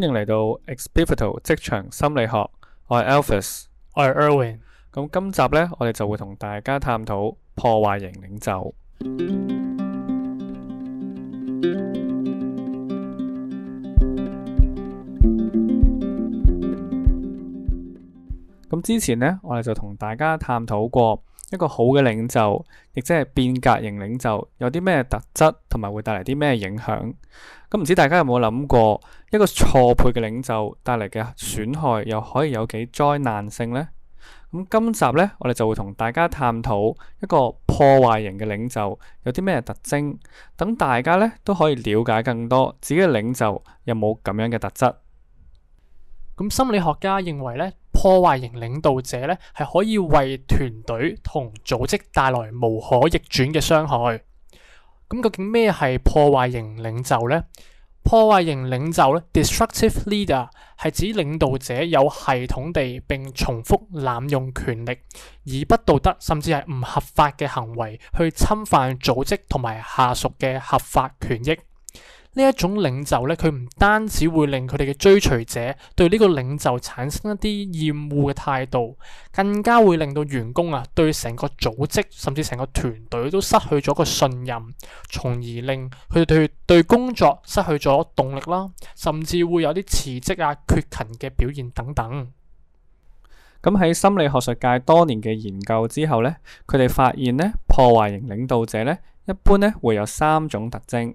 歡迎嚟到 Experito 職場心理學，我係 Alfis，我係 Irwin。咁今集呢，我哋就會同大家探討破壞型領袖。咁之前呢，我哋就同大家探討過。一個好嘅領袖，亦即係變革型領袖，有啲咩特質，同埋會帶嚟啲咩影響？咁唔知大家有冇諗過一個錯配嘅領袖帶嚟嘅損害又可以有幾災難性呢？咁今集呢，我哋就會同大家探討一個破壞型嘅領袖有啲咩特徵，等大家呢都可以了解更多自己嘅領袖有冇咁樣嘅特質。咁心理學家認為呢。破壞型領導者咧，係可以為團隊同組織帶來無可逆轉嘅傷害。咁究竟咩係破壞型領袖呢？破壞型領袖咧 （destructive leader） 係指領導者有系統地並重複濫用權力，以不道德甚至係唔合法嘅行為去侵犯組織同埋下屬嘅合法權益。呢一種領袖咧，佢唔單止會令佢哋嘅追隨者對呢個領袖產生一啲厭惡嘅態度，更加會令到員工啊對成個組織甚至成個團隊都失去咗個信任，從而令佢哋對，對工作失去咗動力啦，甚至會有啲辭職啊、缺勤嘅表現等等。咁喺心理學術界多年嘅研究之後咧，佢哋發現咧破壞型領導者咧一般咧會有三種特徵。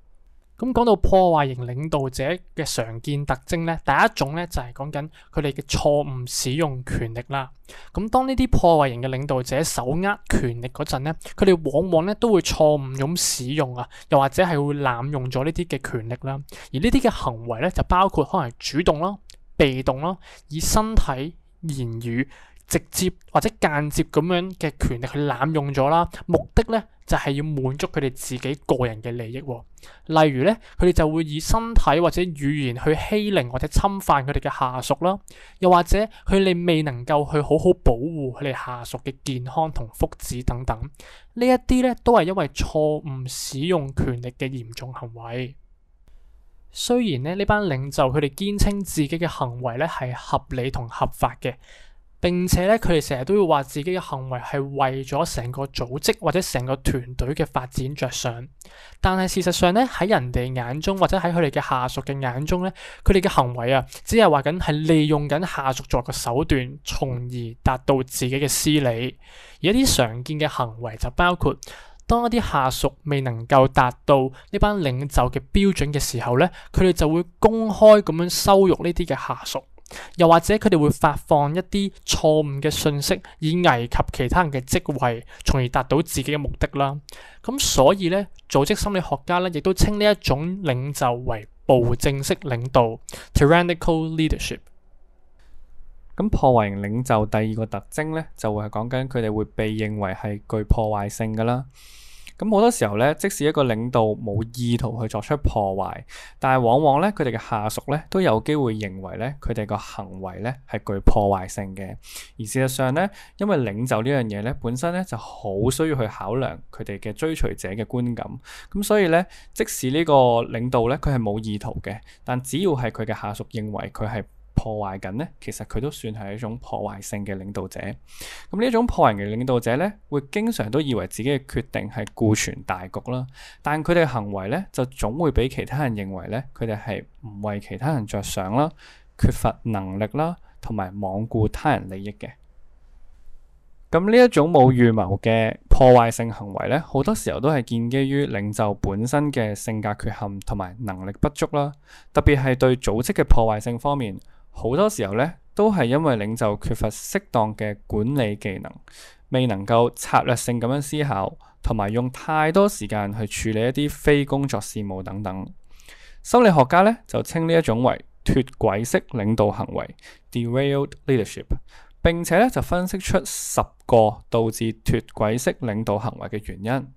咁講到破壞型領導者嘅常見特徵咧，第一種咧就係講緊佢哋嘅錯誤使用權力啦。咁當呢啲破壞型嘅領導者手握權力嗰陣咧，佢哋往往咧都會錯誤咁使用啊，又或者係會濫用咗呢啲嘅權力啦。而呢啲嘅行為咧就包括可能主動囉、被動囉，以身體、言語。直接或者間接咁樣嘅權力去濫用咗啦，目的咧就係要滿足佢哋自己個人嘅利益喎。例如咧，佢哋就會以身體或者語言去欺凌或者侵犯佢哋嘅下屬啦，又或者佢哋未能夠去好好保護佢哋下屬嘅健康同福祉等等。呢一啲咧都係因為錯誤使用權力嘅嚴重行為。雖然咧呢班領袖佢哋堅稱自己嘅行為咧係合理同合法嘅。並且咧，佢哋成日都會話自己嘅行為係為咗成個組織或者成個團隊嘅發展着想，但係事實上咧，喺人哋眼中或者喺佢哋嘅下屬嘅眼中咧，佢哋嘅行為啊，只係話緊係利用緊下屬作為個手段，從而達到自己嘅私利。而一啲常見嘅行為就包括，當一啲下屬未能夠達到呢班領袖嘅標準嘅時候咧，佢哋就會公開咁樣羞辱呢啲嘅下屬。又或者佢哋會發放一啲錯誤嘅信息，以危及其他人嘅職位，從而達到自己嘅目的啦。咁所以呢，組織心理學家咧，亦都稱呢一種領袖為暴政式領導 （tyrannical leadership）。咁破壞型領袖第二個特徵呢，就會係講緊佢哋會被認為係具破壞性㗎啦。咁好多時候咧，即使一個領導冇意圖去作出破壞，但係往往咧，佢哋嘅下屬咧都有機會認為咧，佢哋個行為咧係具破壞性嘅。而事實上咧，因為領袖呢樣嘢咧本身咧就好需要去考量佢哋嘅追隨者嘅觀感，咁所以咧，即使呢個領導咧佢係冇意圖嘅，但只要係佢嘅下屬認為佢係破壞緊呢，其實佢都算係一種破壞性嘅領導者。咁呢一種破壞嘅領導者呢，會經常都以為自己嘅決定係顧全大局啦。但佢哋嘅行為呢，就總會俾其他人認為呢，佢哋係唔為其他人着想啦，缺乏能力啦，同埋罔顧他人利益嘅。咁呢一種冇預謀嘅破壞性行為呢，好多時候都係建基於領袖本身嘅性格缺陷同埋能力不足啦。特別係對組織嘅破壞性方面。好多時候咧，都係因為領袖缺乏適當嘅管理技能，未能夠策略性咁樣思考，同埋用太多時間去處理一啲非工作事務等等。心理學家咧就稱呢一種為脫軌式領導行為 d e r a i l e d leadership），並且咧就分析出十個導致脫軌式領導行為嘅原因，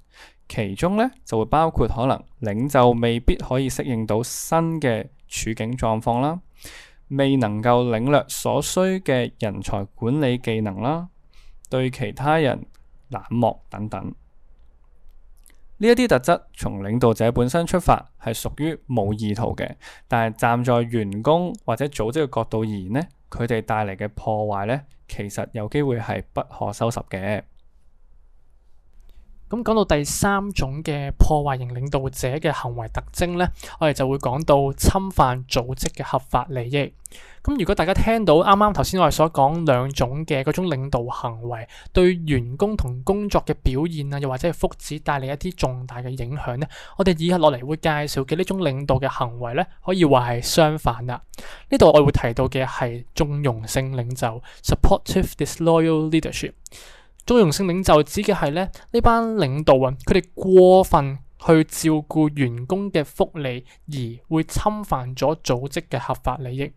其中咧就會包括可能領袖未必可以適應到新嘅處境狀況啦。未能夠領略所需嘅人才管理技能啦，對其他人冷漠等等，呢一啲特質從領導者本身出發係屬於冇意圖嘅，但係站在員工或者組織嘅角度而言呢，佢哋帶嚟嘅破壞呢，其實有機會係不可收拾嘅。咁講到第三種嘅破壞型領導者嘅行為特徵呢，我哋就會講到侵犯組織嘅合法利益。咁如果大家聽到啱啱頭先我哋所講兩種嘅嗰種領導行為對員工同工作嘅表現啊，又或者係福祉帶嚟一啲重大嘅影響呢，我哋以下落嚟會介紹嘅呢種領導嘅行為呢，可以話係相反啦。呢度我會提到嘅係縱容性領袖 （supportive disloyal leadership）。縱容性領袖指嘅係咧，呢班領導啊，佢哋過分去照顧員工嘅福利，而會侵犯咗組織嘅合法利益。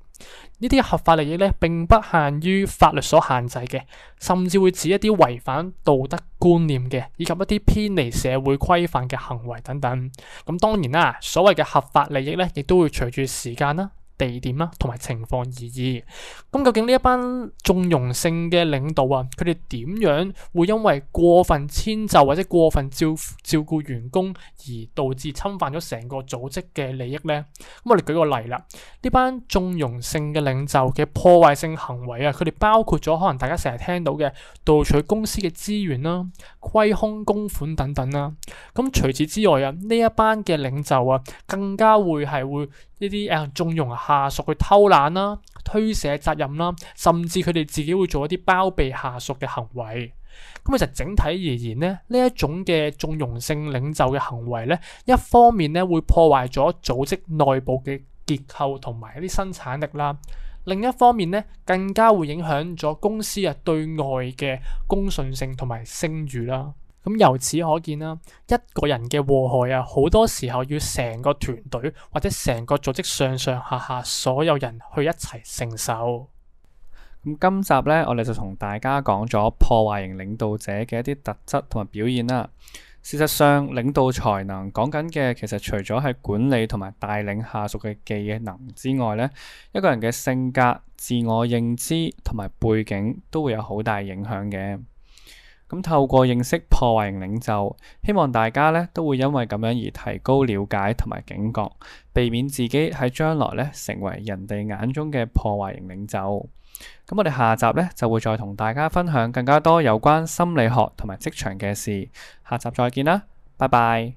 呢啲合法利益咧，並不限於法律所限制嘅，甚至會指一啲違反道德觀念嘅，以及一啲偏離社會規範嘅行為等等。咁當然啦，所謂嘅合法利益咧，亦都會隨住時間啦。地點啦，同埋情況而已。咁究竟呢一班縱容性嘅領導啊，佢哋點樣會因為過分遷就或者過分照照顧員工而導致侵犯咗成個組織嘅利益呢？咁我哋舉個例啦，呢班縱容性嘅領袖嘅破壞性行為啊，佢哋包括咗可能大家成日聽到嘅盜取公司嘅資源啦、啊、虧空公款等等啦、啊。咁除此之外啊，呢一班嘅領袖啊，更加會係會呢啲誒縱容啊。下屬去偷懶啦、推卸責任啦，甚至佢哋自己會做一啲包庇下屬嘅行為。咁其實整體而言咧，呢一種嘅縱容性領袖嘅行為咧，一方面咧會破壞咗組織內部嘅結構同埋一啲生產力啦，另一方面咧更加會影響咗公司啊對外嘅公信性同埋聲譽啦。咁由此可見啦，一個人嘅禍害啊，好多時候要成個團隊或者成個組織上上下下所有人去一齊承受。咁今集咧，我哋就同大家講咗破壞型領導者嘅一啲特質同埋表現啦。事實上，領導才能講緊嘅其實除咗係管理同埋帶領下屬嘅技能之外咧，一個人嘅性格、自我認知同埋背景都會有好大影響嘅。咁透過認識破壞型領袖，希望大家呢都會因為咁樣而提高了解同埋警覺，避免自己喺將來呢成為人哋眼中嘅破壞型領袖。咁我哋下集呢就會再同大家分享更加多有關心理學同埋職場嘅事。下集再見啦，拜拜。